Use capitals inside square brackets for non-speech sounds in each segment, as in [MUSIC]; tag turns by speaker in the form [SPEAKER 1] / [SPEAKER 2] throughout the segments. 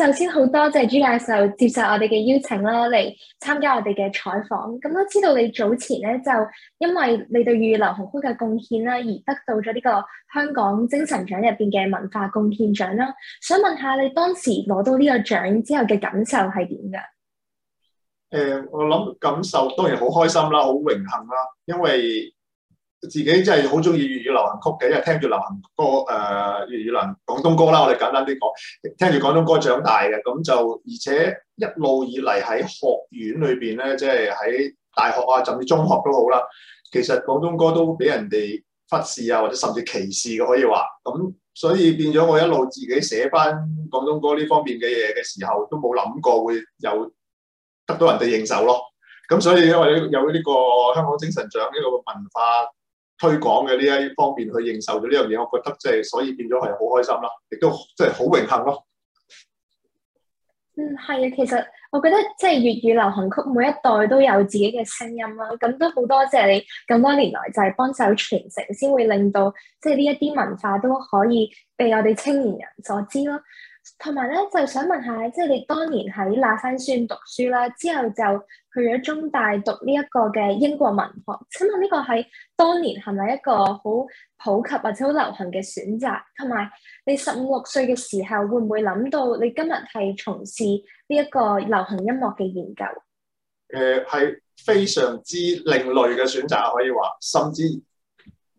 [SPEAKER 1] 首先好多謝朱教授接受我哋嘅邀請啦，嚟參加我哋嘅採訪。咁都知道你早前咧就因為你對粵語流行曲嘅貢獻啦，而得到咗呢個香港精神獎入邊嘅文化貢獻獎啦。想問下你當時攞到呢個獎之後嘅感受係點㗎？誒、
[SPEAKER 2] 呃，我諗感受當然好開心啦，好榮幸啦，因為，自己真係好中意粵語流行曲嘅，因為聽住流行歌，誒、呃、粵語流行廣東歌啦。我哋簡單啲講，聽住廣東歌長大嘅，咁就而且一路以嚟喺學院裏邊咧，即係喺大學啊，甚至中學都好啦。其實廣東歌都俾人哋忽視啊，或者甚至歧視嘅，啊，可以話。咁所以變咗我一路自己寫返廣東歌呢方面嘅嘢嘅時候，都冇諗過會有得到人哋認受咯。咁所以因為有呢、呢個香港精神獎呢、呢個文化。推廣嘅呢一方面去認受咗呢樣嘢，我覺得即係所以變咗係好開心啦，亦都即係好榮幸咯。
[SPEAKER 1] 嗯，係啊，其實我覺得即係粵語流行曲每一代都有自己嘅聲音啦，咁都好多謝你咁多年來就係幫手傳承，先會令到即係呢一啲文化都可以被我哋青年人所知咯。同埋咧，就想問下，即係你當年喺喇沙書院讀書啦，之後就去咗中大讀呢一個嘅英國文學，請問呢個係當年係咪一個好普及或者好流行嘅選擇？同埋你十五六歲嘅時候，會唔會諗到你今日係從事呢一個流行音樂嘅研究？
[SPEAKER 2] 誒、呃，係非常之另類嘅選擇，可以話，甚至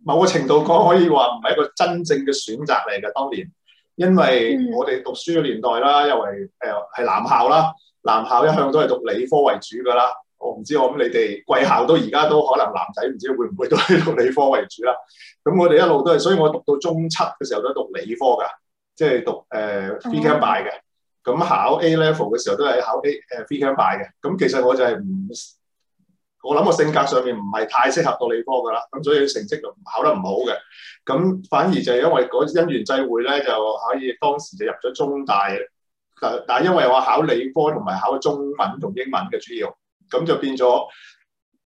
[SPEAKER 2] 某個程度講，可以話唔係一個真正嘅選擇嚟嘅，當年。因為我哋讀書嘅年代啦，又係誒係男校啦，男校一向都係讀理科為主噶啦。我唔知我諗你哋貴校都而家都可能男仔唔知會唔會都係讀理科為主啦。咁我哋一路都係，所以我讀到中七嘅時候都係讀理科㗎，即係讀誒 Phy Chem Bio 嘅。咁、呃嗯、考 A level 嘅時候都係考 A 誒 Phy Chem Bio 嘅。咁其實我就係唔～我諗我性格上面唔係太適合讀理科噶啦，咁所以成績就考得唔好嘅。咁反而就係因為嗰因緣際會咧，就可以當時就入咗中大。但係因為我考理科同埋考中文同英文嘅主要，咁就變咗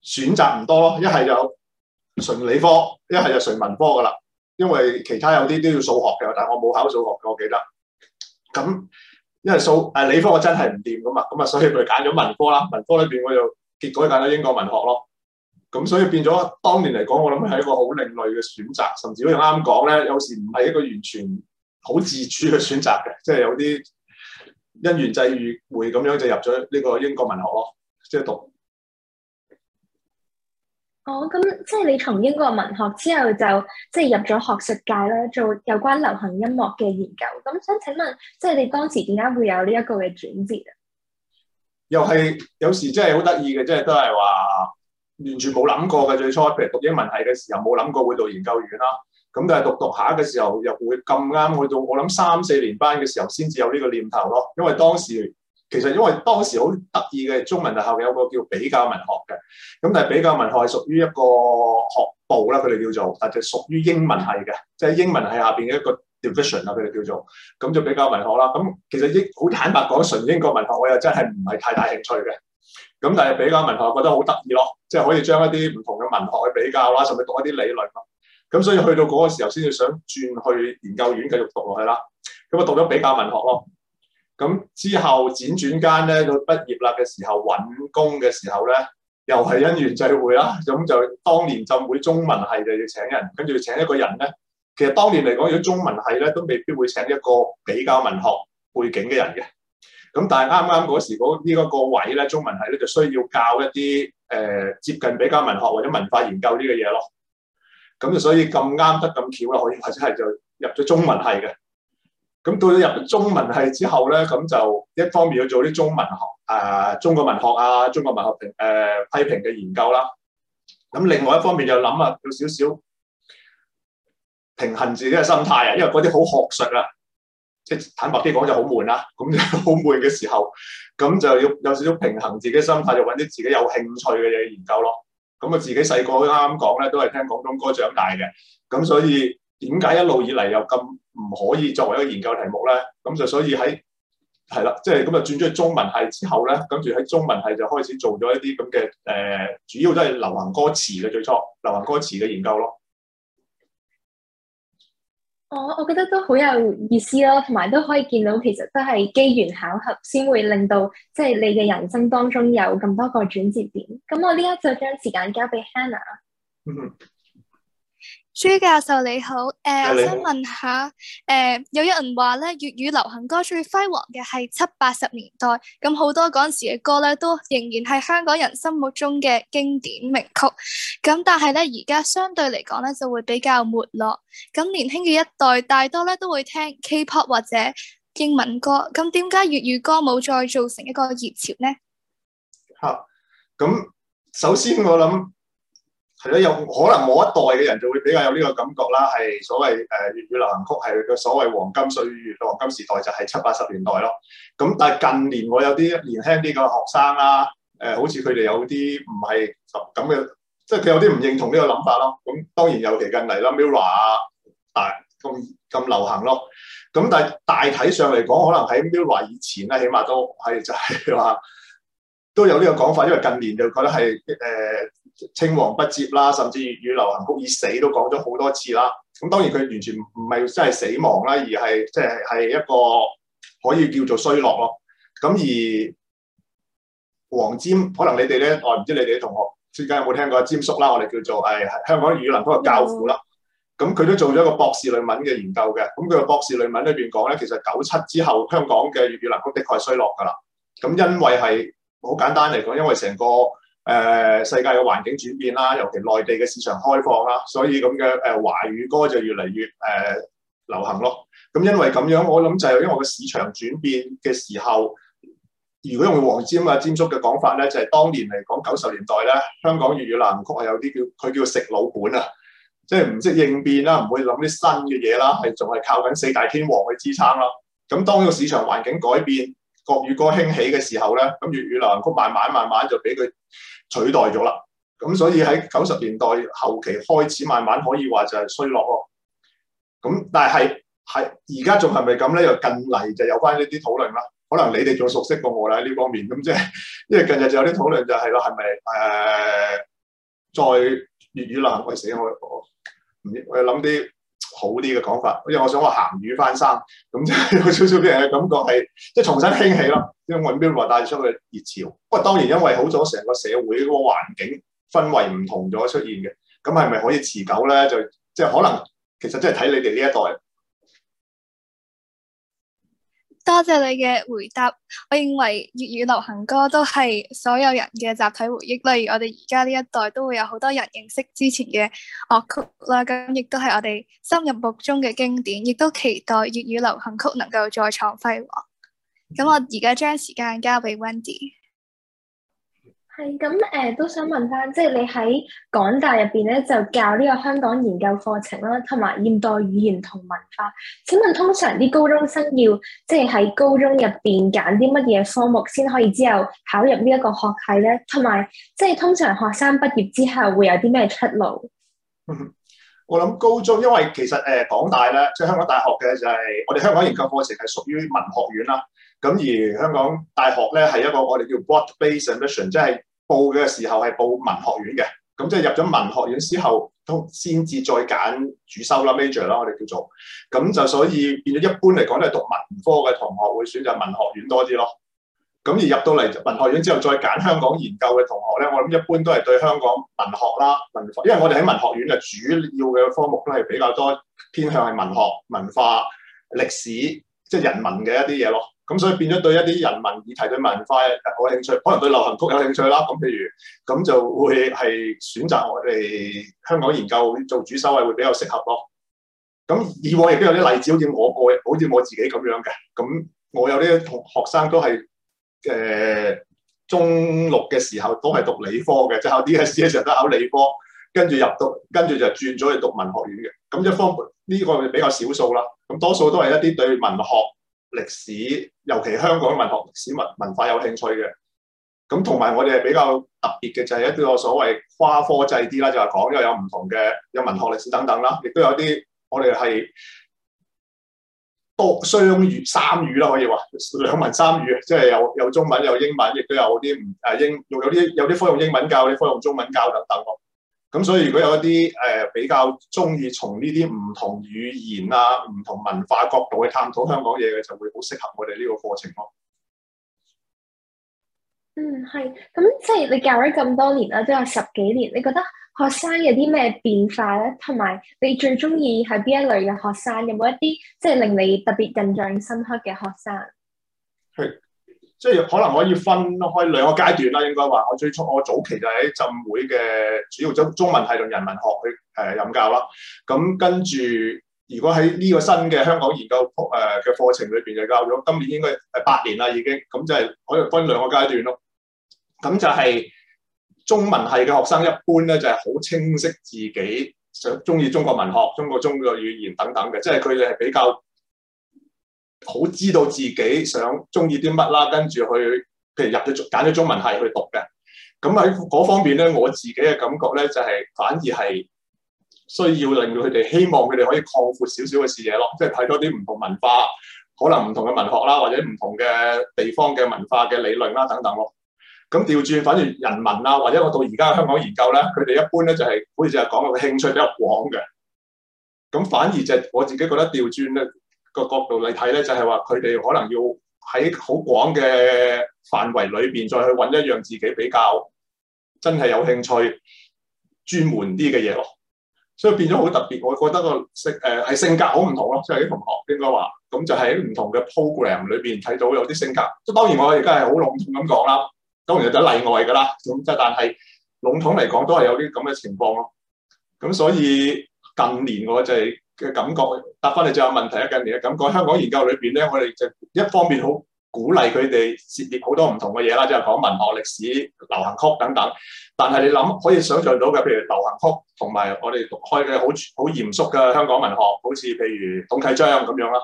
[SPEAKER 2] 選擇唔多咯。一係就純理科，一係就純文科噶啦。因為其他有啲都要數學嘅，但我冇考數學嘅，我記得。咁因為數誒理科我真係唔掂噶嘛，咁啊所以佢揀咗文科啦。文科裏邊我就……結果揀咗英國文學咯，咁所以變咗當年嚟講，我諗係一個好另類嘅選擇，甚至好似啱講咧，有時唔係一個完全好自主嘅選擇嘅，即係有啲因緣際遇會咁樣就入咗呢個英國文學咯，即係讀。
[SPEAKER 1] 哦，咁即係你從英國文學之後就即係入咗學術界啦，做有關流行音樂嘅研究。咁想請問，即係你當時點解會有呢一個嘅轉折啊？
[SPEAKER 2] 又係有時真係好得意嘅，即係都係話完全冇諗過嘅最初，譬如讀英文系嘅時候冇諗過會讀研究院啦。咁但係讀讀下嘅時候又會咁啱去到我諗三四年班嘅時候先至有呢個念頭咯。因為當時其實因為當時好得意嘅，中文大學有個叫比較文學嘅，咁但係比較文學係屬於一個學部啦，佢哋叫做，但就屬於英文系嘅，即係英文系下邊嘅一個。f 佢哋叫做咁就比較文學啦。咁其實英好坦白講，純英國文學我又真係唔係太大興趣嘅。咁但係比較文學我覺得好得意咯，即係可以將一啲唔同嘅文學去比較啦，甚至讀一啲理論咁。咁所以去到嗰個時候，先至想轉去研究院繼續讀落去啦。咁啊，讀咗比較文學咯。咁之後輾轉間咧，佢畢業啦嘅時候，揾工嘅時候咧，又係因緣際會啦。咁就當年浸會中文系就要請人，跟住請一個人咧，其實當年嚟講，如果中文系咧都未必會請一個比較文學背景嘅人嘅。咁但係啱啱嗰時呢一個位咧，中文系咧就需要教一啲誒、呃、接近比較文學或者文化研究呢個嘢咯。咁就所以咁啱得咁巧啦，可以或者係就入咗中文系嘅。咁到咗入咗中文系之後咧，咁就一方面要做啲中文學啊、呃，中國文學啊，中國文學評誒、呃、批評嘅研究啦。咁另外一方面又諗啊，有少少。平衡自己嘅心態啊，因為嗰啲好學術啊，即係坦白啲講就好悶啦。咁就好悶嘅時候，咁就要有少少平衡自己心態，就搵啲自己有興趣嘅嘢研究咯。咁啊，自己細個啱啱講咧，都係聽廣東歌長大嘅。咁所以點解一路以嚟又咁唔可以作為一個研究題目咧？咁就所以喺係啦，即係咁啊轉咗去中文系之後咧，跟住喺中文系就開始做咗一啲咁嘅誒，主要都係流行歌詞嘅最初流行歌詞嘅研究咯。
[SPEAKER 1] 我、oh, 我覺得都好有意思咯，同埋都可以見到其實都係機緣巧合先會令到即係、就是、你嘅人生當中有咁多個轉折點。咁我呢一就
[SPEAKER 3] 將時間交俾 Hannah。嗯、mm hmm. 朱教授你好，誒、呃，我想問下，誒、呃，有一人話咧粵語流行歌最輝煌嘅係七八十年代，咁好多嗰陣時嘅歌咧都仍然係香港人心目中嘅經典名曲，咁但係咧而家相對嚟講咧就會比較沒落，咁年輕嘅一代大多咧都會聽 K-pop 或者英文歌，咁點解粵語歌冇再造成一個熱潮呢？
[SPEAKER 2] 好、啊，咁首先我諗。有 [MUSIC] 可能某一代嘅人就會比較有呢個感覺啦，係所謂誒粵、呃、語流行曲係個所謂黃金歲月、黃金時代就係七八十年代咯。咁但係近年我有啲年輕啲嘅學生啦，誒、呃、好似佢哋有啲唔係咁嘅，即係佢有啲唔認同呢個諗法咯。咁當然尤其近嚟啦，MIRROR 啊，大咁咁流行咯。咁但係大體上嚟講，可能喺 MIRROR 以前咧，起碼都係就係話都有呢個講法，因為近年就覺得係誒、呃青黃不接啦，甚至粵語流行曲已死都講咗好多次啦。咁當然佢完全唔係真係死亡啦，而係即係係一個可以叫做衰落咯。咁而黃霑可能你哋咧、哦，我唔知你哋啲同學最近有冇聽過阿霑叔啦，我哋叫做誒香港粵語流行曲嘅教父啦。咁佢都做咗一個博士論文嘅研究嘅。咁佢嘅博士論文裏邊講咧，其實九七之後香港嘅粵語流行曲的確係衰落噶啦。咁因為係好簡單嚟講，因為成個。誒，世界嘅環境轉變啦，尤其內地嘅市場開放啦，所以咁嘅誒華語歌就越嚟越誒、呃、流行咯。咁因為咁樣，我諗就係因為個市場轉變嘅時候，如果用黃霑啊、霑叔嘅講法咧，就係、是、當年嚟講九十年代咧，香港粵語流行曲係有啲叫佢叫食老本啊，即係唔識應變啦，唔會諗啲新嘅嘢啦，係仲係靠緊四大天王去支撐咯。咁當呢個市場環境改變，國語歌興起嘅時候咧，咁粵語流行曲慢慢慢慢就俾佢，取代咗啦，咁所以喺九十年代後期開始，慢慢可以話就係衰落咯。咁但係係而家仲係咪咁咧？又近嚟就有翻呢啲討論啦。可能你哋仲熟悉過我啦喺呢方面。咁即係，因為近日就有啲討論就係、是、咯，係咪誒，再粵語難，我死我我，我諗啲。好啲嘅講法，因為我想話鹹魚翻身，咁即係有少少畀人嘅感覺係，即係重新興起咯，因為 MIRROR 帶出去熱潮。不過當然因為好咗成個社會個環境氛圍唔同咗出現嘅，咁係咪可以持久咧？就即係可能其實真係睇你哋呢一代。
[SPEAKER 3] 多謝你嘅回答，我認為粵語流行歌都係所有人嘅集體回憶，例如我哋而家呢一代都會有好多人認識之前嘅樂曲啦，咁亦都係我哋心目中嘅經典，亦都期待粵語流行曲能夠再創輝煌。咁我而家將時間交俾 Wendy。係咁誒，都想問翻，
[SPEAKER 1] 即係你喺港大入邊咧，就教呢個香港研究課程啦，同埋現代語言同文化。請問通常啲高中生要即係喺高中入邊揀啲乜嘢科目先可以之後考入呢一個學系咧？同埋即係通常學生畢業之後會有啲咩出路？嗯、
[SPEAKER 2] 我諗高中，因為其實誒、呃、港大咧，即係香港大學嘅就係、是、我哋香港研究課程係屬於文學院啦。咁而香港大學咧係一個我哋叫 broad-based admission，即係報嘅時候係報文學院嘅，咁即係入咗文學院之後，都先至再揀主修啦 major 啦，我哋叫做，咁就所以變咗一般嚟講都係讀文科嘅同學會選擇文學院多啲咯。咁而入到嚟文學院之後再揀香港研究嘅同學咧，我諗一般都係對香港文學啦、文化，因為我哋喺文學院嘅主要嘅科目都係比較多偏向係文學、文化、歷史。即人文嘅一啲嘢咯，咁所以變咗對一啲人文議題、對文化有興趣，可能對流行曲有興趣啦。咁譬如咁就會係選擇我哋香港研究做主修係會比較適合咯。咁以往亦都有啲例子，好似我個，好似我自己咁樣嘅。咁我有啲同學生都係誒、呃、中六嘅時候都係讀理科嘅，即係考 DSE 時候都考理科。跟住入讀，跟住就轉咗去讀文學院嘅。咁一方呢、呢個比較少數啦。咁多數都係一啲對文學、歷史，尤其香港文學歷史文文化有興趣嘅。咁同埋我哋係比較特別嘅，就係、是、一啲我所謂跨科制啲啦，就係講因為有唔同嘅有文學歷史等等啦，亦都有啲我哋係多雙語三語啦，可以話兩文三語，即、就、係、是、有有中文有英文，亦都有啲唔啊英用有啲有啲科用英文教，啲科用中文教等等咁所以如果有一啲誒、呃、比較中意從呢啲唔同語言啊、唔同文化角度去探討香港嘢嘅，就會好適合我哋呢個課程咯。嗯，
[SPEAKER 1] 係。咁即係你教咗咁多年啦，都有十幾年，你覺得學生有啲咩變化咧？同埋你最中意係邊一類嘅學生？有冇一啲即係令你特別印象深刻嘅學生？係。
[SPEAKER 2] 即係可能可以分開兩個階段啦，應該話我最初我早期就喺浸會嘅主要中中文系同人文學去誒任、呃、教啦。咁跟住如果喺呢個新嘅香港研究誒嘅課程裏邊就教咗，今年應該係八年啦已經。咁即係可以分兩個階段咯。咁就係中文系嘅學生一般咧，就係、是、好清晰自己想中意中國文學、中國中國語言等等嘅，即係佢哋係比較。好知道自己想中意啲乜啦，跟住去，譬如入咗中，揀咗中文系去讀嘅。咁喺嗰方面咧，我自己嘅感覺咧，就係反而係需要令到佢哋希望佢哋可以擴闊少少嘅視野咯，即係睇多啲唔同文化，可能唔同嘅文學啦，或者唔同嘅地方嘅文化嘅理論啦等等咯。咁調轉，反而人文啊，或者我到而家香港研究咧，佢哋一般咧就係、是、好似就係講個興趣比較廣嘅。咁反而就我自己覺得調轉咧。個角度嚟睇咧，就係話佢哋可能要喺好廣嘅範圍裏邊，再去揾一樣自己比較真係有興趣、專門啲嘅嘢咯。所以變咗好特別，我覺得個性誒係性格好唔同咯。即係啲同學應該話，咁就喺唔同嘅 program 裏邊睇到有啲性格。即係當然我而家係好籠統咁講啦，當然有啲例外噶啦。咁即係但係籠統嚟講，都係有啲咁嘅情況咯。咁所以近年我就係、是。嘅感覺，答翻你，最後問題啊。近年嘅感覺，香港研究裏邊咧，我哋就一方面好鼓勵佢哋涉獵好多唔同嘅嘢啦，即係講文學、歷史、流行曲等等。但係你諗可以想像到嘅，譬如流行曲同埋我哋讀開嘅好好嚴肅嘅香港文學，好似譬如董啟章咁樣啦，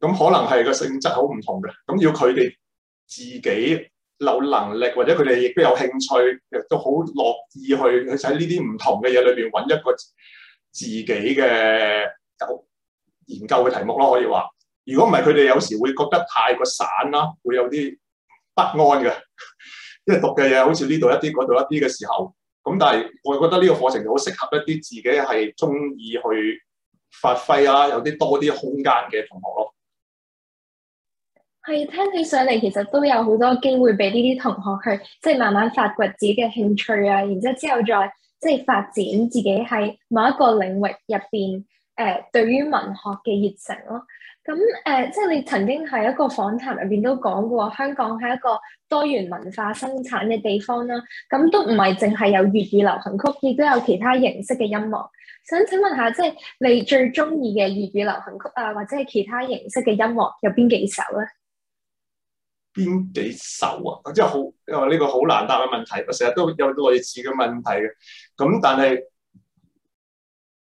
[SPEAKER 2] 咁可能係個性質好唔同嘅。咁要佢哋自己有能力，或者佢哋亦都有興趣，亦都好樂意去去喺呢啲唔同嘅嘢裏邊揾一個，自己嘅研究嘅題目咯，可以話。如果唔係，佢哋有時會覺得太過散啦，會有啲不安嘅，即 [LAUGHS] 為讀嘅嘢好似呢度一啲、嗰度一啲嘅時候。咁但係我覺得呢個課程好適合一啲自己係中意去發揮啊，有啲多啲空間嘅同學咯。
[SPEAKER 1] 係，聽起上嚟，其實都有好多機會俾呢啲同學去，即係慢慢發掘自己嘅興趣啊。然之後之後再。即係發展自己喺某一個領域入邊誒，對於文學嘅熱情咯。咁、嗯、誒、呃，即係你曾經喺一個訪談入邊都講過，香港係一個多元文化生產嘅地方啦。咁都唔係淨係有粵語流行曲，亦都有其他形式嘅音樂。想請問下，即係你最中意嘅粵語流行曲啊，或者係其他形式嘅音樂有邊幾首咧？
[SPEAKER 2] 邊幾首啊？即係好，因為呢個好難答嘅問題。我成日都有類似嘅問題嘅。咁但係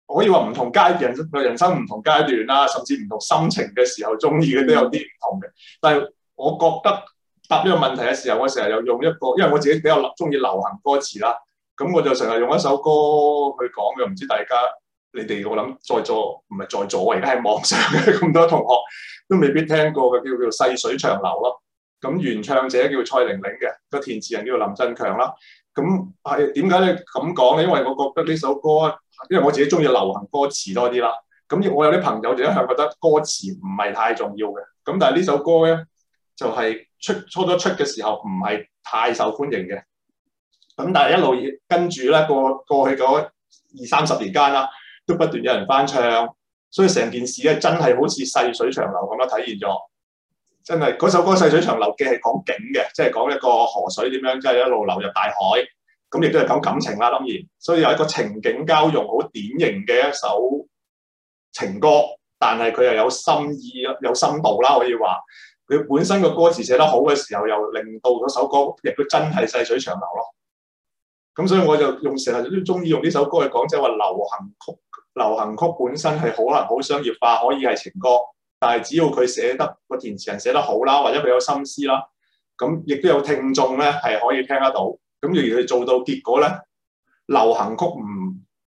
[SPEAKER 2] 可以話唔同階段，人生唔同階段啦，甚至唔同心情嘅時候，中意嘅都有啲唔同嘅。但係我覺得答呢個問題嘅時候，我成日又用一個，因為我自己比較中意流行歌詞啦。咁我就成日用一首歌去講嘅。唔知大家你哋我諗在座，唔係在座，而家喺網上嘅咁 [LAUGHS] 多同學都未必聽過嘅，叫叫《細水長流》咯。咁原唱者叫蔡玲玲嘅，個填詞人叫林振強啦。咁係點解咧咁講咧？因為我覺得呢首歌，因為我自己中意流行歌詞多啲啦。咁我有啲朋友就一向覺得歌詞唔係太重要嘅。咁但係呢首歌咧，就係出初初出嘅時候唔係太受歡迎嘅。咁但係一路跟住咧過過去嗰二三十年間啦，都不斷有人翻唱，所以成件事咧真係好似細水長流咁樣體現咗。真係嗰首歌《細水長流》嘅係講景嘅，即係講一個河水點樣，即係一路流入大海。咁亦都係講感情啦，當然。所以有一個情景交融，好典型嘅一首情歌。但係佢又有深意、有深度啦，可以話。佢本身個歌詞寫得好嘅時候，又令到嗰首歌亦都真係細水長流咯。咁所以我就用成日都中意用呢首歌去講，即係話流行曲，流行曲本身係可能好商業化，可以係情歌。但係只要佢寫得個填詞人寫得好啦，或者佢有心思啦，咁亦都有聽眾咧，係可以聽得到。咁如果做到結果咧，流行曲唔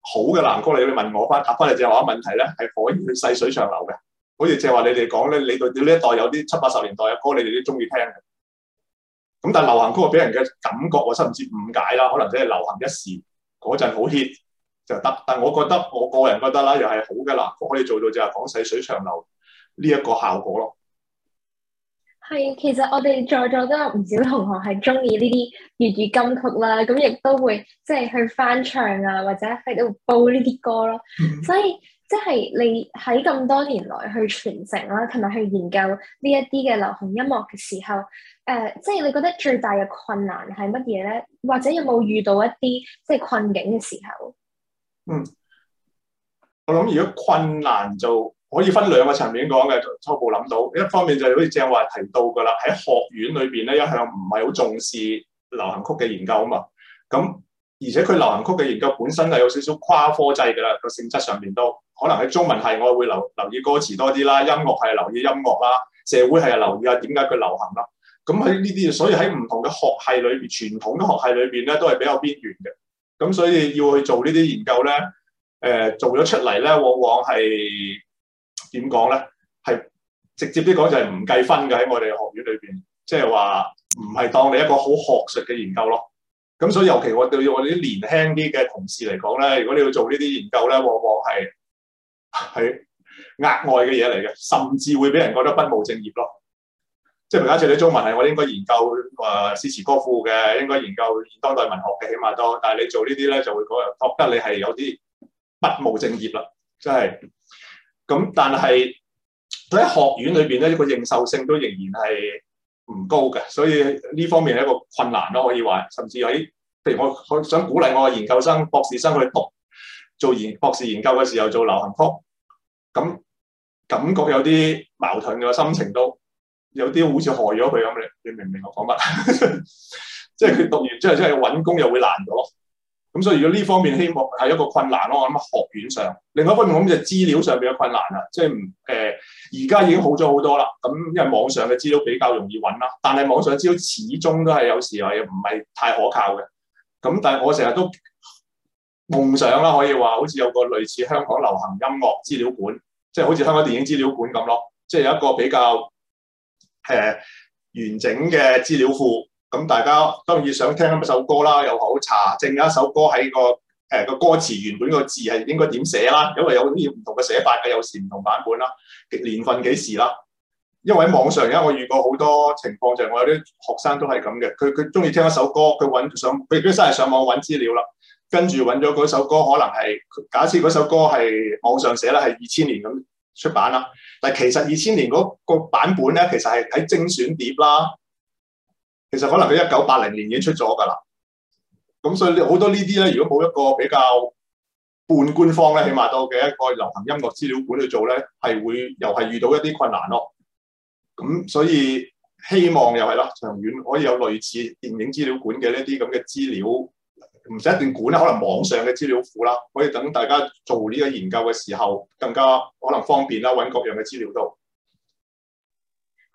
[SPEAKER 2] 好嘅男歌，你會問我翻答翻你正話嘅問題咧，係可以去細水長流嘅。好似正話你哋講咧，你對呢一代有啲七八十年代嘅歌，你哋都中意聽嘅。咁但係流行曲俾人嘅感覺我甚至誤解啦，可能只係流行一時，嗰陣好 hit 就得。但係我覺得，我個人覺得啦，又係好嘅男歌可以做到，就係講細水長流，呢一個效果
[SPEAKER 1] 咯，係其實我哋在座都有唔少同學係中意呢啲粵語金曲啦，咁亦都會即係去翻唱啊，或者喺度煲呢啲歌咯。嗯、所以即係、就是、你喺咁多年來去傳承啦，同埋去研究呢一啲嘅流行音樂嘅時候，誒、呃，即、就、係、是、你覺得最大嘅困難係乜嘢咧？或者有冇遇到一啲即係困境嘅時候？
[SPEAKER 2] 嗯，我諗如果困難就。可以分兩個層面講嘅，初步諗到。一方面就好似正話提到嘅啦，喺學院裏邊咧，一向唔係好重視流行曲嘅研究啊嘛。咁而且佢流行曲嘅研究本身係有少少跨科制嘅啦，個性質上邊都可能喺中文系我會留留意歌詞多啲啦，音樂係留意音樂啦，社會係留意下點解佢流行啦。咁喺呢啲，所以喺唔同嘅學系裏邊，傳統嘅學系裏邊咧都係比較邊緣嘅。咁所以要去做呢啲研究咧，誒、呃、做咗出嚟咧，往往係。點講咧？係直接啲講就係唔計分嘅，喺我哋學院裏邊，即係話唔係當你一個好學術嘅研究咯。咁所以尤其我對我哋啲年輕啲嘅同事嚟講咧，如果你要做呢啲研究咧，往往係係額外嘅嘢嚟嘅，甚至會俾人覺得不務正業咯。即係假設你中文系我應該研究誒詩詞歌賦嘅，應該研究現當代文學嘅，起碼都。但係你做呢啲咧，就會覺得你係有啲不務正業啦，真係。咁但係喺學院裏邊咧，呢個認受性都仍然係唔高嘅，所以呢方面係一個困難咯，可以話甚至喺譬如我想鼓勵我嘅研究生、博士生去讀做研博士研究嘅時候做流行曲，咁感覺有啲矛盾嘅心情，都有啲好似害咗佢咁嘅，你明唔明我講乜？即係佢讀完之後，真係搵工又會難咗。咁所以如果呢方面希望係一個困難咯，我諗學院上。另外一方面，我諗就資料上邊嘅困難啦，即係唔誒，而家已經好咗好多啦。咁因為網上嘅資料比較容易揾啦，但係網上資料始終都係有時候又唔係太可靠嘅。咁但係我成日都夢想啦，可以話好似有個類似香港流行音樂資料館，即係好似香港電影資料館咁咯，即係有一個比較誒、呃、完整嘅資料庫。咁大家當然想聽首一首歌啦，又好查證一首歌喺個誒個歌詞原本個字係應該點寫啦，因為有啲唔同嘅寫法嘅，有時唔同版本啦，年份幾時啦，因為喺網上而家我遇過好多情況就係我有啲學生都係咁嘅，佢佢中意聽一首歌，佢上佢已經真係上網揾資料啦，跟住揾咗嗰首歌，可能係假設嗰首歌係網上寫啦，係二千年咁出版啦。但，其實二千年嗰個版本咧，其實係喺精選碟啦。其實可能佢一九八零年已經出咗噶啦，咁所以好多呢啲咧，如果冇一個比較半官方咧，起碼到嘅一個流行音樂資料館去做咧，係會又係遇到一啲困難咯。咁所以希望又係咯，長遠可以有類似電影資料館嘅呢啲咁嘅資料，唔使一定館啦，可能網上嘅資料庫啦，可以等大家做呢個研究嘅時候更加可能方便啦，揾各樣嘅資料都。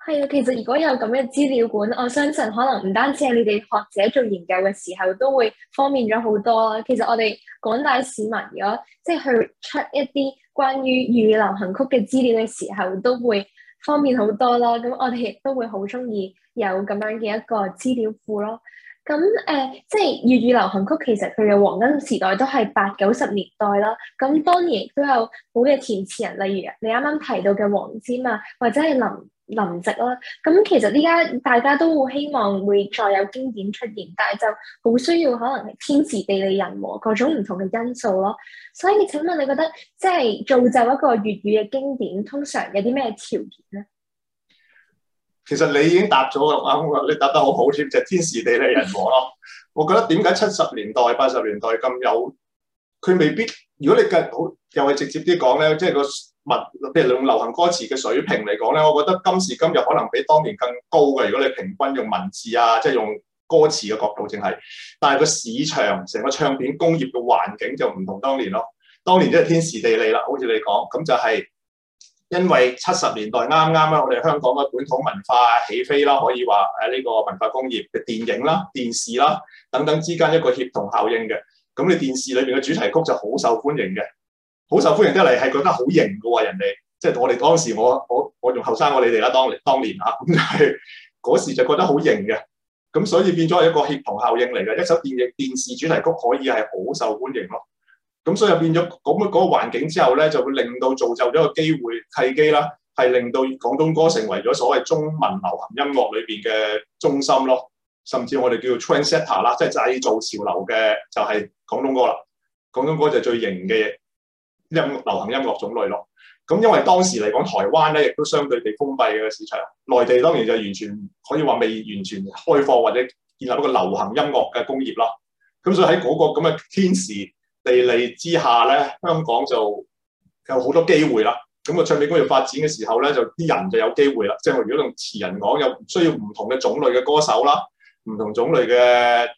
[SPEAKER 1] 係啊，其實如果有咁嘅資料館，我相信可能唔單止係你哋學者做研究嘅時候都會方便咗好多啦。其實我哋廣大市民如果即係去出一啲關於粵語流行曲嘅資料嘅時候，都會方便好多啦。咁我哋亦都會好中意有咁樣嘅一個資料庫咯。咁誒、呃，即係粵語流行曲其實佢嘅黃金時代都係八九十年代啦。咁當然亦都有好嘅填詞人，例如你啱啱提到嘅黃霑啊，或者係林。林夕啦，咁其實依家大家都好希望會再有經典出現，但係就好需要可能係天時地利人和各種唔同嘅因素咯。所以你請問你覺得即係造就一個粵語嘅經典，通常有啲咩條件咧？
[SPEAKER 2] 其實你已經答咗啦，啱你答得好好添，就係，天時地利人和咯。 [LAUGHS] 我覺得點解七十年代、八十年代咁有，佢未必。如果你更好又係直接啲講咧，即係，那個。文譬如用流行歌詞嘅水平嚟講咧，我覺得今時今日可能比當年更高嘅。如果你平均用文字啊，即係用歌詞嘅角度，淨係。但係個市場成個唱片工業嘅環境就唔同當年咯。當年真係天時地利啦，好似你講咁就係因為七十年代啱啱咧，我哋香港嘅本土文化起飛啦，可以話誒呢個文化工業嘅電影啦、電視啦等等之間一個協同效應嘅。咁你電視裏邊嘅主題曲就好受歡迎嘅。好受歡迎得嚟，係覺得好型嘅。人哋即係我哋當時，我我我仲後生過你哋啦。當當年吓咁，係 [LAUGHS] 嗰時就覺得好型嘅。咁所以變咗係一個協同效應嚟嘅。一首電影、電視主題曲可以係好受歡迎咯。咁所以變咗咁嗰個環境之後咧，就會令到造就咗個機會契機啦，係令到廣東歌成為咗所謂中文流行音樂裏邊嘅中心咯。甚至我哋叫做 trendsetter 啦，即係製造潮流嘅，就係、是、廣東歌啦。廣東歌就係最型嘅嘢。流行音樂種類咯，咁因為當時嚟講，台灣咧亦都相對地封閉嘅市場，內地當然就完全可以話未完全開放或者建立一個流行音樂嘅工業啦。咁、嗯、所以喺嗰、那個咁嘅天時地利之下咧，香港就有好多機會啦。咁、嗯、個唱片工業發展嘅時候咧，就啲人就有機會啦。即係如果用詞人講，有唔需要唔同嘅種類嘅歌手啦，唔同種類嘅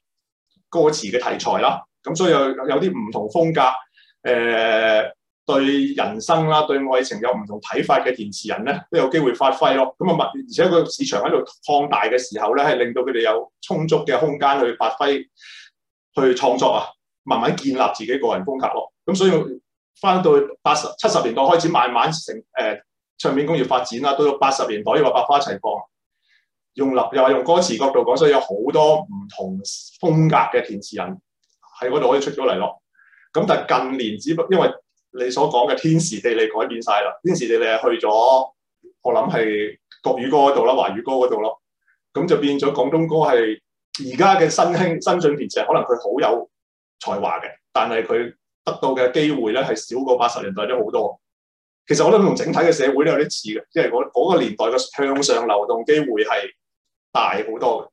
[SPEAKER 2] 歌詞嘅題材啦。咁、嗯、所以又有啲唔同風格，誒、呃。對人生啦，對愛情有唔同睇法嘅填詞人咧，都有機會發揮咯。咁啊物，而且個市場喺度擴大嘅時候咧，係令到佢哋有充足嘅空間去發揮、去創作啊，慢慢建立自己個人風格咯。咁所以返到八十七十年代開始，慢慢成誒、呃、唱片工業發展啦，到到八十年代又話百花齊放，用立又話用歌詞角度講，所以有好多唔同風格嘅填詞人喺嗰度可以出咗嚟咯。咁但近年只不因為你所講嘅天時地利改變晒啦，天時地利係去咗，我諗係國語歌嗰度啦，華語歌嗰度咯，咁就變咗廣東歌係而家嘅新興新晉編劇，可能佢好有才華嘅，但係佢得到嘅機會咧係少過八十年代咗好多。其實我覺同整體嘅社會都有啲似嘅，即為嗰個年代嘅向上流動機會係大好多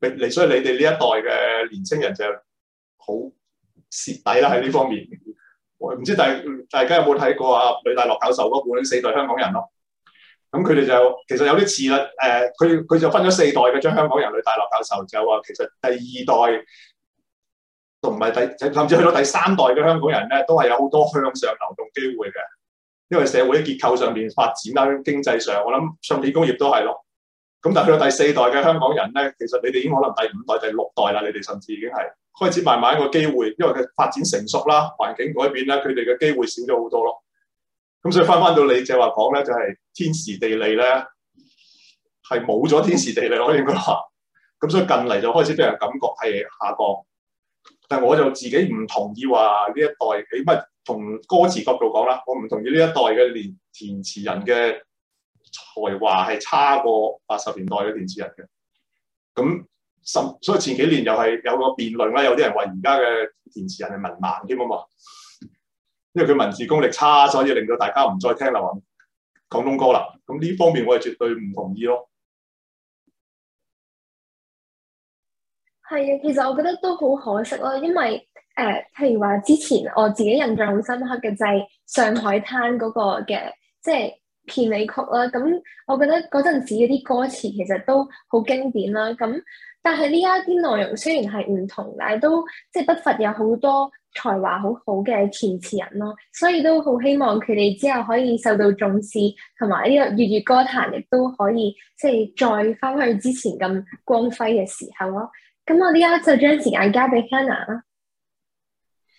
[SPEAKER 2] 嘅，你所以你哋呢一代嘅年青人就好蝕底啦喺呢方面。唔知但大家有冇睇過啊？呂大樂教授嗰本《四代香港人》咯，咁佢哋就其實有啲似啦。誒、呃，佢佢就分咗四代嘅，將香港人呂大樂教授就話其實第二代同埋第，甚至去到第三代嘅香港人咧，都係有好多向上流動機會嘅，因為社會結構上面發展啦、啊，經濟上我諗，甚至工業都係咯。咁但去到第四代嘅香港人咧，其實你哋已經可能第五代、第六代啦，你哋甚至已經係。開始慢慢一個機會，因為佢發展成熟啦，環境改變啦，佢哋嘅機會少咗好多咯。咁所以翻翻到你正話講咧，就係天時地利咧係冇咗天時地利咯，應該話。咁所以近嚟就開始俾人感覺係下降。但係我就自己唔同意話呢一代起碼從歌詞角度講啦，我唔同意呢一代嘅填填詞人嘅才華係差過八十年代嘅填詞人嘅。咁。甚所以前幾年又係有個辯論啦，有啲人話而家嘅填詞人係文盲添啊嘛，因為佢文字功力差，所以令到大家唔再聽流行廣東歌啦。咁呢方面我係絕對唔同意咯。
[SPEAKER 1] 係啊，其實我覺得都好可惜咯，因為誒，譬、呃、如話之前我自己印象好深刻嘅就係、是《上海灘》嗰個嘅即係片尾曲啦。咁我覺得嗰陣時嗰啲歌詞其實都好經典啦。咁但係，呢家啲內容雖然係唔同，但係都即係不乏有好多才華好好嘅填詞人咯，所以都好希望佢哋之後可以受到重視，同埋呢個粵語歌壇亦都可以即係再翻返去之前咁光輝嘅時候咯。咁我呢家就將時間交俾 Hannah
[SPEAKER 3] 啦。誒、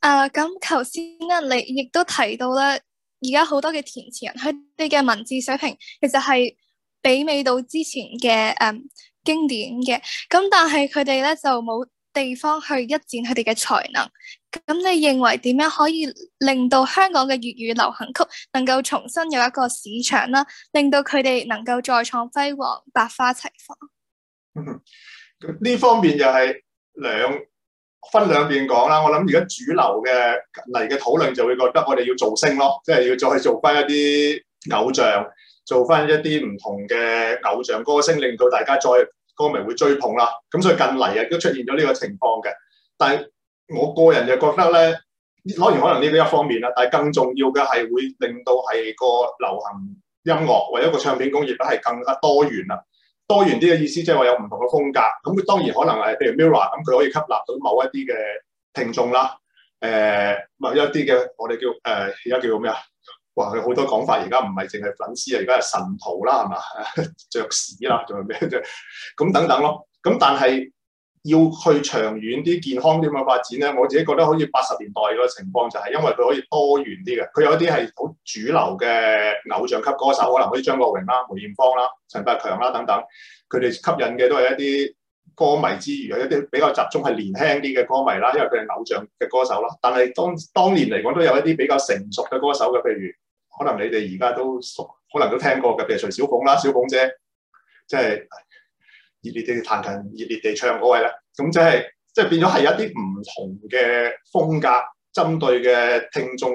[SPEAKER 3] 呃，咁頭先啊，你亦都提到啦，而家好多嘅填詞人佢哋嘅文字水平其實係媲美到之前嘅誒。嗯經典嘅，咁但係佢哋咧就冇地方去一展佢哋嘅才能。咁你認為點樣可以令到香港嘅粵語流行曲能夠重新有一個市場啦？令到佢哋能夠再創輝煌，百花齊放。嗯
[SPEAKER 2] 咁呢方面又係兩分兩邊講啦。我諗而家主流嘅嚟嘅討論就會覺得我哋要造星咯，即係要再去做返一啲偶像。做翻一啲唔同嘅偶像歌星，令到大家再歌迷會追捧啦。咁所以近嚟亦都出現咗呢個情況嘅。但係我個人就覺得咧，當然可能呢啲一方面啦，但係更重要嘅係會令到係個流行音樂或者一個唱片工業係更加多元啦。多元啲嘅意思即係話有唔同嘅風格。咁當然可能係譬如 MIRROR 咁，佢可以吸納到某一啲嘅聽眾啦。誒、呃，某一啲嘅我哋叫誒而家叫做咩啊？哇！佢好多講法，而家唔係淨係粉絲啊，而家係神徒啦，係嘛？ [LAUGHS] 爵屎啦，仲有咩啫？咁 [LAUGHS] 等等咯。咁但係要去長遠啲、健康啲咁嘅發展咧，我自己覺得好似八十年代個情況就係因為佢可以多元啲嘅，佢有一啲係好主流嘅偶像級歌手，可能好似張國榮啦、梅艷芳啦、陳百強啦等等，佢哋吸引嘅都係一啲歌迷之餘，有一啲比較集中係年輕啲嘅歌迷啦，因為佢係偶像嘅歌手啦。但係當當年嚟講都有一啲比較成熟嘅歌手嘅，譬如～可能你哋而家都熟，可能都聽過嘅，譬如徐小鳳啦、小鳳姐，即係熱烈地彈琴、熱烈地唱嗰位咧。咁即係即係變咗係一啲唔同嘅風格，針對嘅聽眾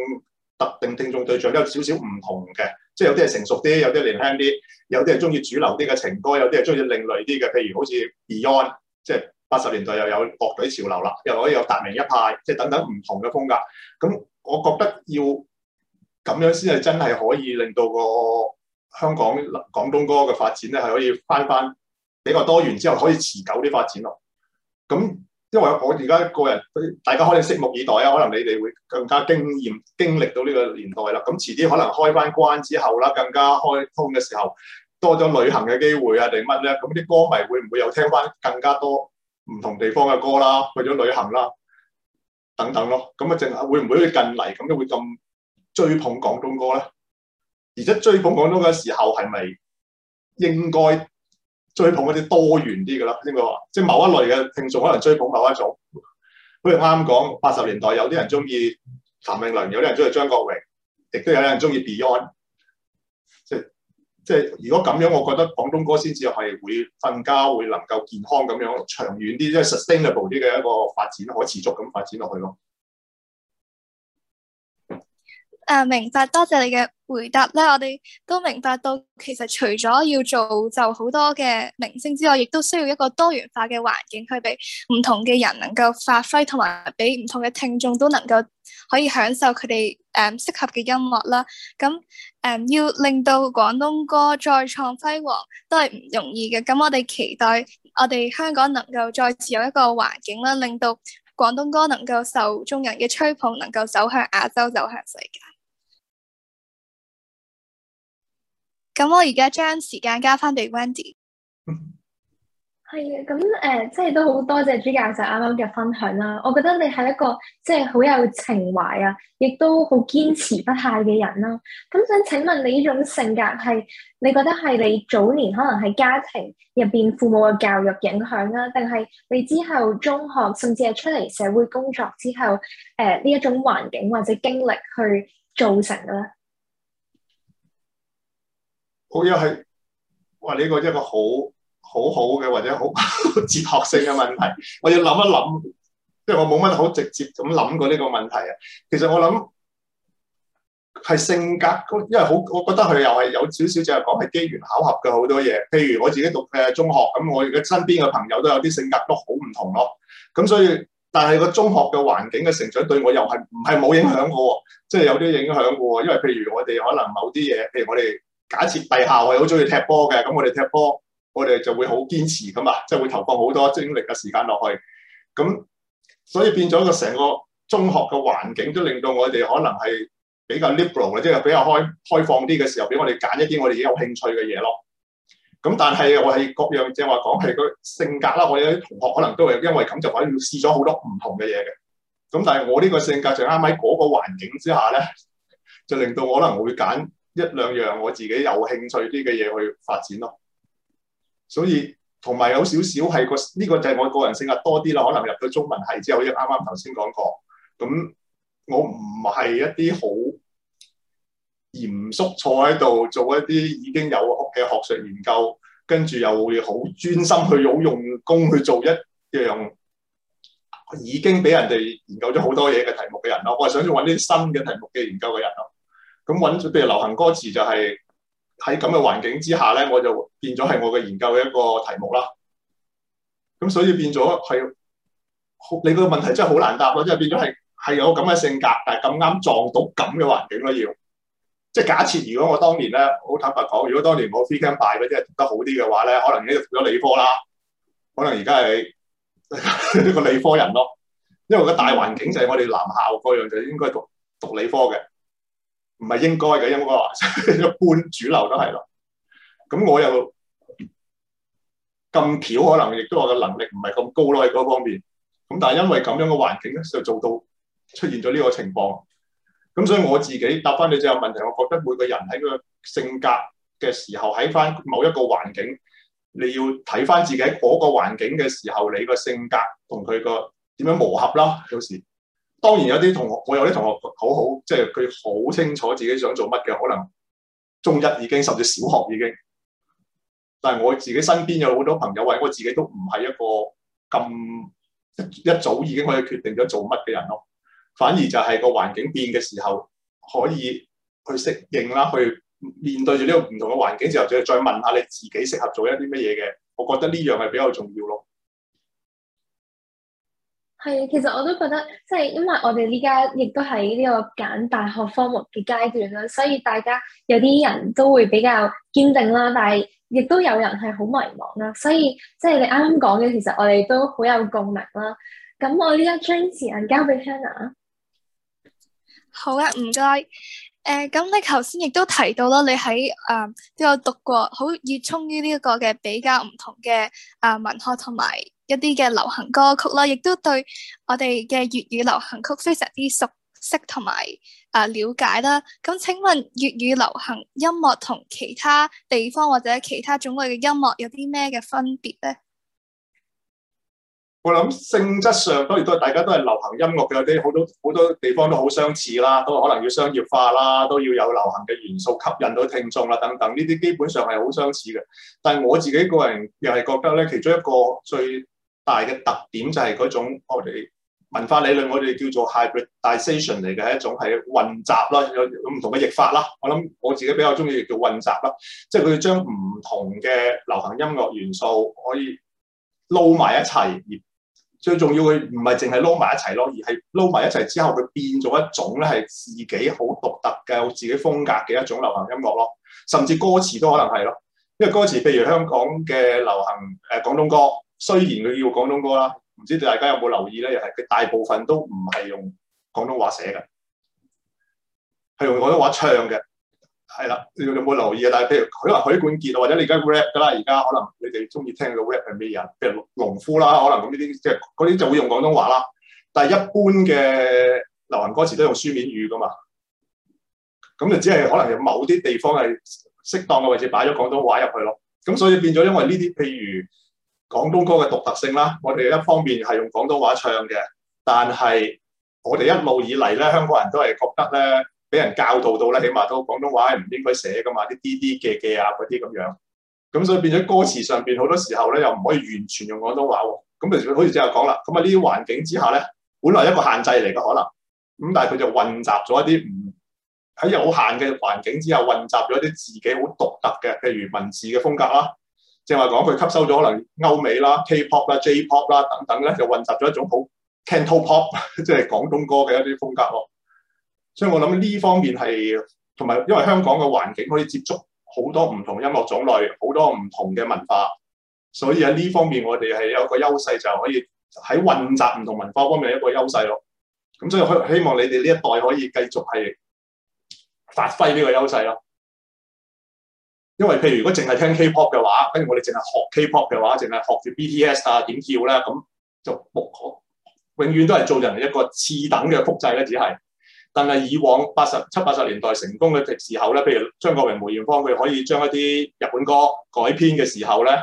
[SPEAKER 2] 特定聽眾對象都有少少唔同嘅。即係有啲係成熟啲，有啲係年輕啲，有啲係中意主流啲嘅情歌，有啲係中意另類啲嘅。譬如好似 Beyond，即係八十年代又有樂隊潮流啦，又可以有達明一派，即係等等唔同嘅風格。咁我覺得要。咁樣先係真係可以令到個香港廣東歌嘅發展咧，係可以翻翻比較多元，之後可以持久啲發展咯。咁因為我而家個人，大家可以拭目以待啊！可能你哋會更加經驗經歷到呢個年代啦。咁遲啲可能開翻關之後啦，更加開通嘅時候，多咗旅行嘅機會啊，定乜咧？咁啲歌迷會唔會又聽翻更加多唔同地方嘅歌啦？去咗旅行啦，等等咯。咁啊，淨係會唔會近嚟咁都會咁？追捧廣東歌咧，而且追捧廣東嘅時候係咪應該追捧一啲多元啲嘅啦？應該話即係某一類嘅聽眾可能追捧某一種，好似啱啱講八十年代有啲人中意譚詠麟，有啲人中意張國榮，亦都有啲人中意 Beyond。即即係如果咁樣，我覺得廣東歌先至係會瞓覺會能夠健康咁樣長遠啲，即係 sustainable 啲嘅一個發展，可以持續咁發展落去咯。
[SPEAKER 3] 誒，uh, 明白，多謝你嘅回答咧。我哋都明白到，其實除咗要造就好多嘅明星之外，亦都需要一個多元化嘅環境，去俾唔同嘅人能夠發揮，同埋俾唔同嘅聽眾都能夠可以享受佢哋誒適合嘅音樂啦。咁誒，um, 要令到廣東歌再創輝煌，都係唔容易嘅。咁我哋期待我哋香港能夠再次有一個環境啦，令到廣東歌能夠受眾人嘅吹捧，能夠走向亞洲，走向世界。咁我而家將時間交翻俾 Wendy，係啊，咁誒，即係、呃、都好多謝朱教授啱啱嘅分享啦。我覺得你係一
[SPEAKER 1] 個即係好有情懷啊，亦都好堅持不懈嘅人啦。咁想請問你呢種性格係你覺得係你早年可能係家庭入邊父母嘅教育影響啦，定係你之後中學甚至係出嚟社會工作之後誒呢、呃、一種環境或者經歷去造成嘅咧？
[SPEAKER 2] 好又係，哇！呢個一個好好好嘅或者好 [LAUGHS] 哲學性嘅問題，我要諗一諗，即係我冇乜好直接咁諗過呢個問題啊。其實我諗係性格，因為好，我覺得佢又係有少少就係講係機緣巧合嘅好多嘢。譬如我自己讀誒中學，咁我嘅身邊嘅朋友都有啲性格都好唔同咯。咁所以，但係個中學嘅環境嘅成長對我又係唔係冇影響嘅，即係有啲影響嘅。因為譬如我哋可能某啲嘢，譬如我哋。假設陛下我哋好中意踢波嘅，咁我哋踢波，我哋就會好堅持噶嘛，即係會投放好多精力嘅時間落去。咁所以變咗個成個中學嘅環境，都令到我哋可能係比較 liberal 啊，即係比較開開放啲嘅時候，俾我哋揀一啲我哋已經有興趣嘅嘢咯。咁但係我係各樣正話講係個性格啦，我有啲同學可能都因為咁就可以試咗好多唔同嘅嘢嘅。咁但係我呢個性格就啱喺嗰個環境之下咧，就令到我可能會揀。一兩樣我自己有興趣啲嘅嘢去發展咯，所以同埋有少少係個呢、呢個就係我個人性格多啲啦。可能入咗中文系之後，好似啱啱頭先講過，咁我唔係一啲好嚴肅坐喺度做一啲已經有嘅學術研究，跟住又好專心去好用功去做一樣已經俾人哋研究咗好多嘢嘅題目嘅人咯。我係想揾啲新嘅題目嘅研究嘅人咯。咁搵咗，譬如流行歌詞就係喺咁嘅環境之下咧，我就變咗係我嘅研究一個題目啦。咁所以變咗係，你個問題真係好難答咯。即係變咗係係有咁嘅性格，但係咁啱撞到咁嘅環境咯。要即係假設，如果我當年咧，好坦白講，如果當年冇 free camp 敗咗，即係讀得好啲嘅話咧，可能已經讀咗理科啦。可能而家係呢個理科人咯。因為個大環境就係我哋男校個樣，就應該讀讀理科嘅。唔係應該嘅，應該話 [LAUGHS] 一般主流都係咯，咁我又咁巧，可能亦都我嘅能力唔係咁高咯，喺嗰方面，咁但係因為咁樣嘅環境咧，就做到出現咗呢個情況。咁所以我自己答翻你最後問題，我覺得每個人喺個性格嘅時候，喺翻某一個環境，你要睇翻自己喺嗰個環境嘅時候，你個性格同佢個點樣磨合咯，到時。當然有啲同學，我有啲同學好好，即係佢好清楚自己想做乜嘅，可能中一已經，甚至小學已經。但係我自己身邊有好多朋友話，或者我自己都唔係一個咁一早已經可以決定咗做乜嘅人咯。反而就係個環境變嘅時候，可以去適應啦，去面對住呢個唔同嘅環境之後，就再問下你自己適合做一啲乜嘢嘅。我覺得呢樣係比較重要咯。
[SPEAKER 1] 係，其實我都覺得，即係因為我哋呢家亦都喺呢個揀大學科目嘅階段啦，所以大家有啲人都會比較堅定啦，但係亦都有人係好迷茫啦。所以即係你啱啱講嘅，其實我哋都好有共鳴啦。咁我呢一張時間啊，交俾
[SPEAKER 3] Hannah 啊。好啊，唔該。誒、呃，咁你頭先亦都提到啦，你喺誒呢個讀過，好熱衷於呢個嘅比較唔同嘅啊文學同埋。一啲嘅流行歌曲啦，亦都對我哋嘅粵語流行曲非常之熟悉同埋啊了解啦。咁請問粵語流行音樂同其他地方或者其他種類嘅音樂有啲咩嘅分別咧？
[SPEAKER 2] 我諗性質上當然都係大家都係流行音樂嘅，有啲好多好多地方都好相似啦，都可能要商業化啦，都要有流行嘅元素吸引到聽眾啦等等。呢啲基本上係好相似嘅。但係我自己個人又係覺得咧，其中一個最大嘅特點就係嗰種我哋文化理論，我哋叫做 hybridization 嚟嘅，係一種係混雜啦，有唔同嘅譯法啦。我諗我自己比較中意叫混雜啦，即係佢將唔同嘅流行音樂元素可以撈埋一齊，而最重要嘅唔係淨係撈埋一齊咯，而係撈埋一齊之後佢變咗一種咧係自己好獨特嘅好自己風格嘅一種流行音樂咯，甚至歌詞都可能係咯，因為歌詞譬如香港嘅流行誒廣東歌。雖然佢叫廣東歌啦，唔知大家有冇留意咧？又係佢大部分都唔係用廣東話寫嘅，
[SPEAKER 3] 係用廣東話
[SPEAKER 2] 唱嘅，係啦。你有冇留意啊？但係譬如許許冠傑啊，或者你而家 rap 㗎啦，而家可能你哋中意聽嘅 rap 係咩人？譬如農夫啦，可能咁呢啲即係嗰啲就會用廣東話啦。但係一般嘅流行歌詞都用書面語㗎嘛，咁就只係可能有某啲地方係適當嘅位置擺咗廣東話入去咯。咁所以變咗，因為呢啲譬如。廣東歌嘅獨特性啦，我哋一方面係用廣東話唱嘅，但係我哋一路以嚟咧，香港人都係覺得咧，俾人教導到咧，起碼都廣東話係唔應該寫噶嘛，啲啲啲嘅嘅啊，嗰啲咁樣，咁所以變咗歌詞上邊好多時候咧，又唔可以完全用廣東話啊。咁譬佢好似正話講啦，咁啊呢啲環境之下咧，本來一個限制嚟嘅可能，咁但係佢就混雜咗一啲唔喺有限嘅環境之下混雜咗一啲自己好獨特嘅，譬如文字嘅風格啦啊。正話講，佢吸收咗可能歐美啦、K-pop 啦、J-pop 啦等等咧，就混雜咗一種好 Cantopop，即係廣東歌嘅一啲風格咯。所以我諗呢方面係同埋，因為香港嘅環境可以接觸好多唔同音樂種類，好多唔同嘅文化，所以喺呢方面我哋係有個優勢，就可以喺混雜唔同文化方面一個優勢咯。咁所以希希望你哋呢一代可以繼續係發揮呢個優勢咯。因為譬如如果淨係聽 K-pop 嘅話，跟住我哋淨係學 K-pop 嘅話，淨係學住 BTS 啊點叫咧，咁就冇可，永遠都係做人一個次等嘅複製咧、啊，只係。但係以往八十七八十年代成功嘅時候咧，譬如張國榮、梅艷芳佢哋可以將一啲日本歌改編嘅時候咧，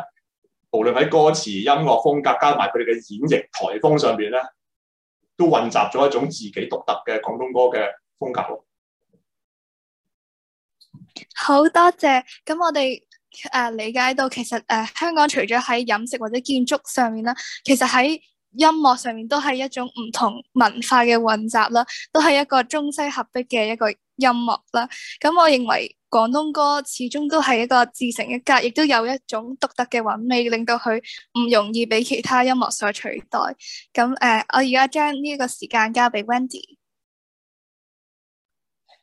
[SPEAKER 2] 無論喺歌詞、音樂風格，加埋佢哋嘅演繹、台風上邊咧，都混雜咗一種自己獨特嘅廣東歌嘅風格咯。
[SPEAKER 3] 好多謝，咁我哋誒、呃、理解到，其實誒、呃、香港除咗喺飲食或者建築上面啦，其實喺音樂上面都係一種唔同文化嘅混雜啦，都係一個中西合璧嘅一個音樂啦。咁我認為廣東歌始終都係一個自成一格，亦都有一種獨特嘅韻味，令到佢唔容易俾其他音樂所取代。咁誒、呃，我而家將呢個時間交俾 Wendy。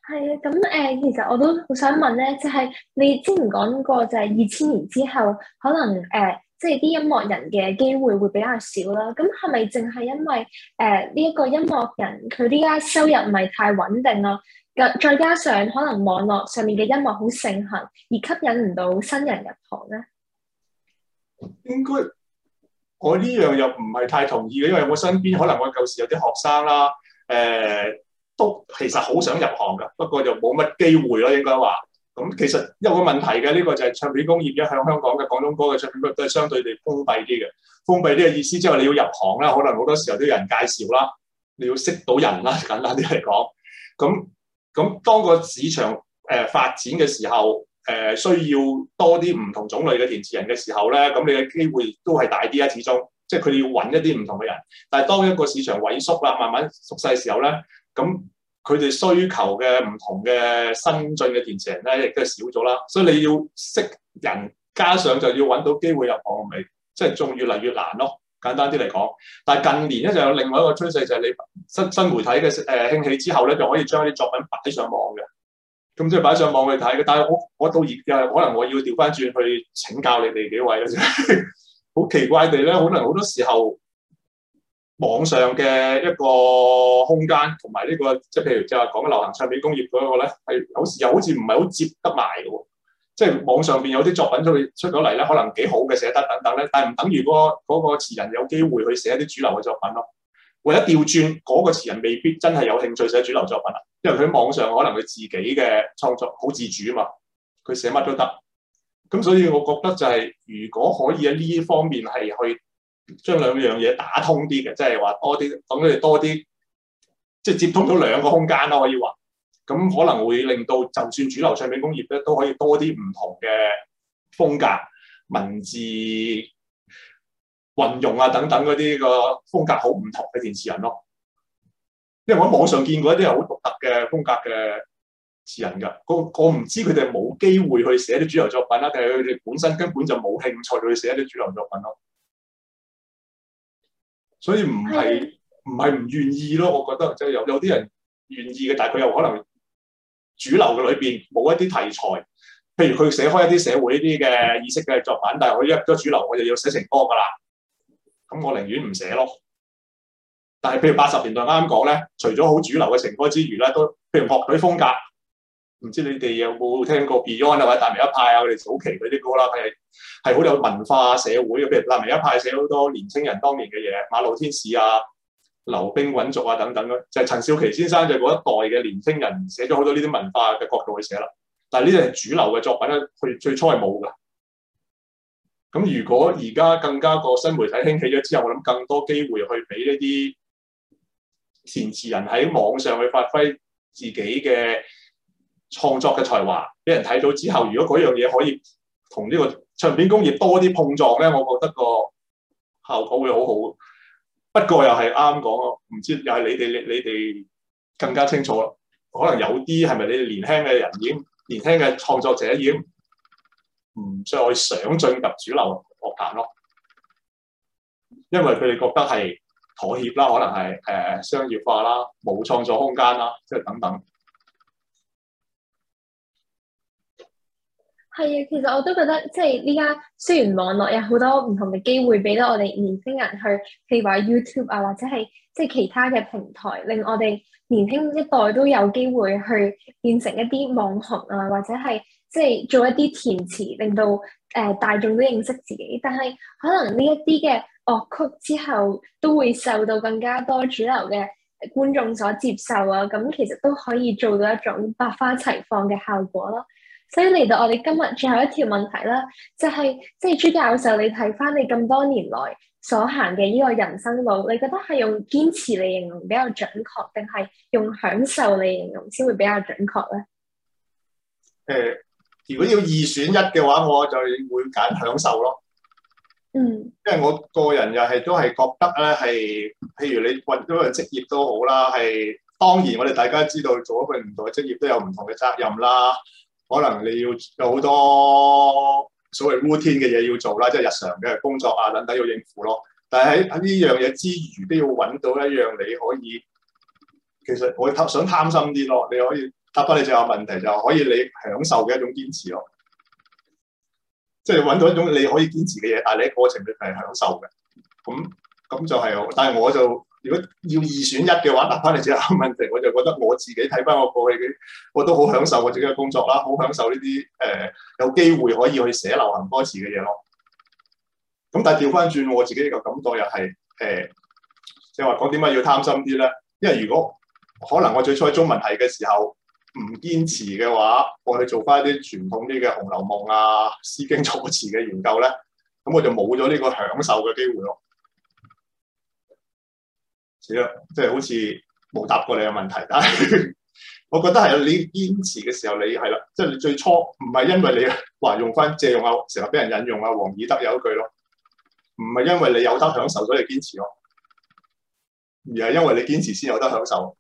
[SPEAKER 3] 係啊，咁誒，其實我都
[SPEAKER 1] 好想問咧，就係、是、你之前講過就係二千年之後，可能誒，即係啲音樂人嘅機會會比較少啦。咁係咪淨係因為誒呢一個音樂人佢呢家收入唔係太穩定咯？再加上可能網絡上面嘅音樂好盛行，而吸引唔到新人入行咧？
[SPEAKER 2] 應該我呢樣又唔係太同意嘅，因為我身邊可能我舊時有啲學生啦，誒、呃。都其實好想入行嘅，不過就冇乜機會咯，應該話。咁其實有個問題嘅，呢、這個就係唱片工業一向香港嘅廣東歌嘅唱片都係相對地封閉啲嘅。封閉啲嘅意思即係你要入行啦，可能好多時候都有人介紹啦，你要識到人啦，簡單啲嚟講。咁咁當個市場誒發展嘅時候，誒、呃、需要多啲唔同種類嘅填詞人嘅時候咧，咁你嘅機會都係大啲啊，始終。即係佢哋要揾一啲唔同嘅人，但係當一個市場萎縮啦、慢慢縮細時候咧。咁佢哋需求嘅唔同嘅新晉嘅電視人咧，亦都係少咗啦。所以你要識人，加上就要揾到機會入行嚟，即係仲越嚟越難咯、哦。簡單啲嚟講，但係近年咧就有另外一個趨勢，就係、是、你新新媒體嘅誒、呃、興起之後咧，就可以將啲作品擺上網嘅，咁即係擺上網去睇嘅。但係我我到而家可能我要調返轉去請教你哋幾位嘅啫。好、就是、奇怪地咧，可能好多時候。網上嘅一個空間，同埋呢個即係譬如即係講流行唱片工業嗰一個咧，係有時又好似唔係好接得埋嘅喎。即係網上邊有啲作品出出咗嚟咧，可能幾好嘅寫得等等咧，但係唔等於嗰嗰個詞人有機會去寫啲主流嘅作品咯。或者掉轉嗰個詞人未必真係有興趣寫主流作品啊，因為佢喺網上可能佢自己嘅創作好自主啊嘛，佢寫乜都得。咁所以我覺得就係如果可以喺呢方面係去。將兩樣嘢打通啲嘅，即係話多啲，等佢哋多啲，即係接通到兩個空間咯，可以話，咁可能會令到就算主流唱片工業咧，都可以多啲唔同嘅風格文字運用啊，等等嗰啲個風格好唔同嘅電視人咯。因為我喺網上見過一啲好獨特嘅風格嘅詞人噶，我我唔知佢哋冇機會去寫啲主流作品啦，定係佢哋本身根本就冇興趣去寫啲主流作品咯。所以唔係唔係唔願意咯，我覺得即係、就是、有有啲人願意嘅，但係佢又可能主流嘅裏邊冇一啲題材，譬如佢寫開一啲社會一啲嘅意識嘅作品，但係我一入咗主流，我就要寫情歌噶啦，咁我寧願唔寫咯。但係譬如八十年代啱啱講咧，除咗好主流嘅情歌之餘咧，都譬如樂隊風格。唔知你哋有冇聽過 Beyond 啊，或者達明一派啊，佢哋早期嗰啲歌啦，係係好有文化社會嘅。譬如達明一派寫好多年青人當年嘅嘢，《馬路天使》啊，《溜冰滾族》啊等等咯。就係陳少琪先生就嗰一代嘅年青人寫咗好多呢啲文化嘅角度去寫啦。但係呢啲係主流嘅作品咧，佢最初係冇㗎。咁如果而家更加個新媒體興起咗之後，我諗更多機會去俾呢啲填詞人喺網上去發揮自己嘅。創作嘅才華俾人睇到之後，如果嗰樣嘢可以同呢個唱片工業多啲碰撞咧，我覺得個效果會好好。不過又係啱講咯，唔知又係你哋你你哋更加清楚咯。可能有啲係咪你哋年輕嘅人已經年輕嘅創作者已經唔再想進入主流樂壇咯，因為佢哋覺得係妥協啦，可能係誒商業化啦，冇創作空間啦，即係等等。
[SPEAKER 1] 係啊，其實我都覺得，即係呢家雖然網絡有好多唔同嘅機會俾到我哋年輕人去，譬如話 YouTube 啊，或者係即係其他嘅平台，令我哋年輕一代都有機會去變成一啲網紅啊，或者係即係做一啲填詞，令到誒、呃、大眾都認識自己。但係可能呢一啲嘅樂曲之後都會受到更加多主流嘅觀眾所接受啊，咁其實都可以做到一種百花齊放嘅效果咯。所以嚟到我哋今日最後一條問題啦，就係即係朱教授，你睇翻你咁多年來所行嘅呢個人生路，你覺得係用堅持嚟形容比較準確，定係用享受嚟形容先會比較準確咧？
[SPEAKER 2] 誒，如果要二選一嘅話，我就會揀享受咯。嗯，
[SPEAKER 1] 因
[SPEAKER 2] 為我個人又係都係覺得咧，係譬如你揾咗個職業都好啦，係當然我哋大家知道做一份唔同嘅職業都有唔同嘅責任啦。可能你要有好多所謂 routine 嘅嘢要做啦，即係日常嘅工作啊等等要應付咯。但係喺喺呢樣嘢之餘，都要揾到一樣你可以，其實我想貪心啲咯。你可以答返你最後問題，就可以你享受嘅一種堅持咯。即係揾到一種你可以堅持嘅嘢，但係你喺過程係享受嘅。咁咁就係我，但係我就。如果要二選一嘅話，答翻你最後問題，我就覺得我自己睇翻我過去，我都好享受我自己嘅工作啦，好享受呢啲誒有機會可以去寫流行歌詞嘅嘢咯。咁、嗯、但係調翻轉，我自己個感覺又係誒，即係話講點解要貪心啲咧。因為如果可能我最初喺中文系嘅時候唔堅持嘅話，我去做翻啲傳統啲嘅《紅樓夢》啊、《詩經》楚辭嘅研究咧，咁、嗯、我就冇咗呢個享受嘅機會咯。即係好似冇答過你嘅問題，但係 [LAUGHS] 我覺得係你堅持嘅時候你，你係啦，即係你最初唔係因為你話用翻借用啊，成日俾人引用啊，王爾德有一句咯，唔係因為你有得享受所以堅持咯，而係因為你堅持先有得享受。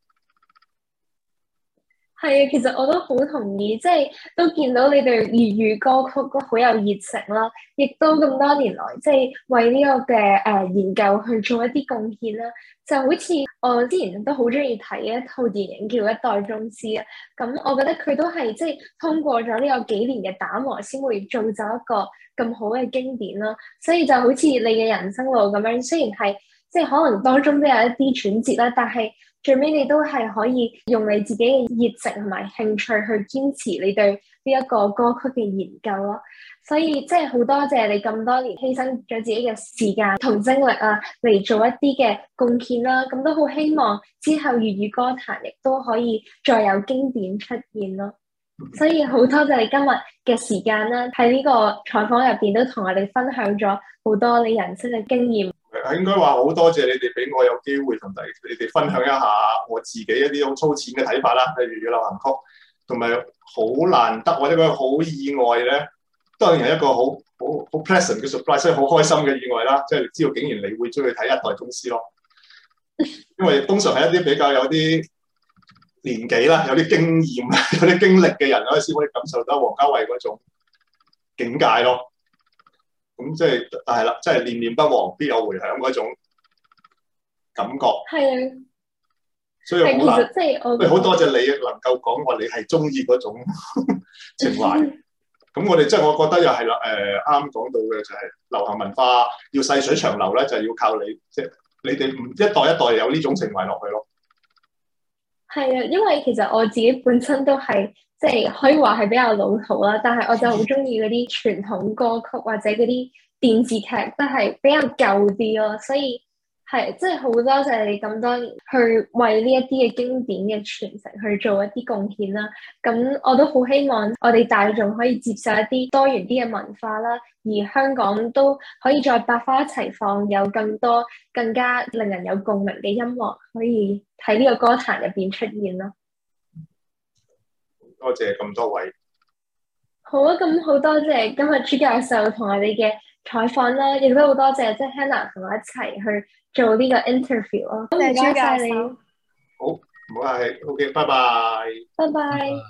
[SPEAKER 1] 係啊，其實我都好同意，即係都見到你對粵語歌曲都好有熱情啦，亦都咁多年來即係為呢個嘅誒研究去做一啲貢獻啦。就好似我之前都好中意睇一套電影叫《一代宗師》啊，咁我覺得佢都係即係通過咗呢個幾年嘅打磨，先會造就一個咁好嘅經典囉。所以就好似你嘅人生路咁樣，雖然係即係可能當中都有一啲轉折啦，但係。最尾你都係可以用你自己嘅熱誠同埋興趣去堅持你對呢一個歌曲嘅研究咯，所以即係好多謝你咁多年犧牲咗自己嘅時間同精力啊，嚟做一啲嘅貢獻啦。咁都好希望之後粵語歌壇亦都可以再有經典出現咯。所以好多謝你今日嘅時間啦，啊，喺呢個採訪入邊都同我哋分享咗好多你人生嘅經驗。
[SPEAKER 2] 應該話好多謝你哋俾我有機會同第你哋分享一下我自己一啲好粗淺嘅睇法啦，例如《流行曲》，同埋好難得或者佢好意外咧，當然係一個好好好 pleasant 嘅 surprise，所以好開心嘅意外啦，即係知道竟然你會追去睇一代宗師咯，因為通常係一啲比較有啲年紀啦、有啲經驗、有啲經歷嘅人咧先可以感受到王家衛嗰種境界咯。咁即係，係啦、嗯，即、就、係、是、念念不忘必有回響嗰種感覺。係啊，所以好難。
[SPEAKER 1] 即係好多謝
[SPEAKER 2] 你能夠講話，你係中意嗰種呵呵情懷。咁 [LAUGHS] 我哋即係我覺得又係啦，誒啱啱講到嘅就係、是、流行文化要細水水長流咧，就係、是、要靠你即係、就是、你哋唔一代一代有呢種情懷落去咯。
[SPEAKER 1] 係啊，因為其實我自己本身都係，即係可以話係比較老土啦，但係我就好中意嗰啲傳統歌曲或者嗰啲電視劇都係比較舊啲咯，所以。係，即係好多謝你咁多去為呢一啲嘅經典嘅傳承去做一啲貢獻啦。咁我都好希望我哋大眾可以接受一啲多元啲嘅文化啦，而香港都可以再百花齊放，有更多更加令人有共鳴嘅音樂可以喺呢個歌壇入邊出現咯。
[SPEAKER 2] 多謝咁多位。
[SPEAKER 1] 好啊，咁好多謝今日朱教授同我哋嘅。採訪啦，亦都好多謝，即係 Hannah 同我一齊去做呢個 interview 咯。唔該曬你。好，
[SPEAKER 2] 唔好客氣。OK 拜拜。
[SPEAKER 1] 拜拜。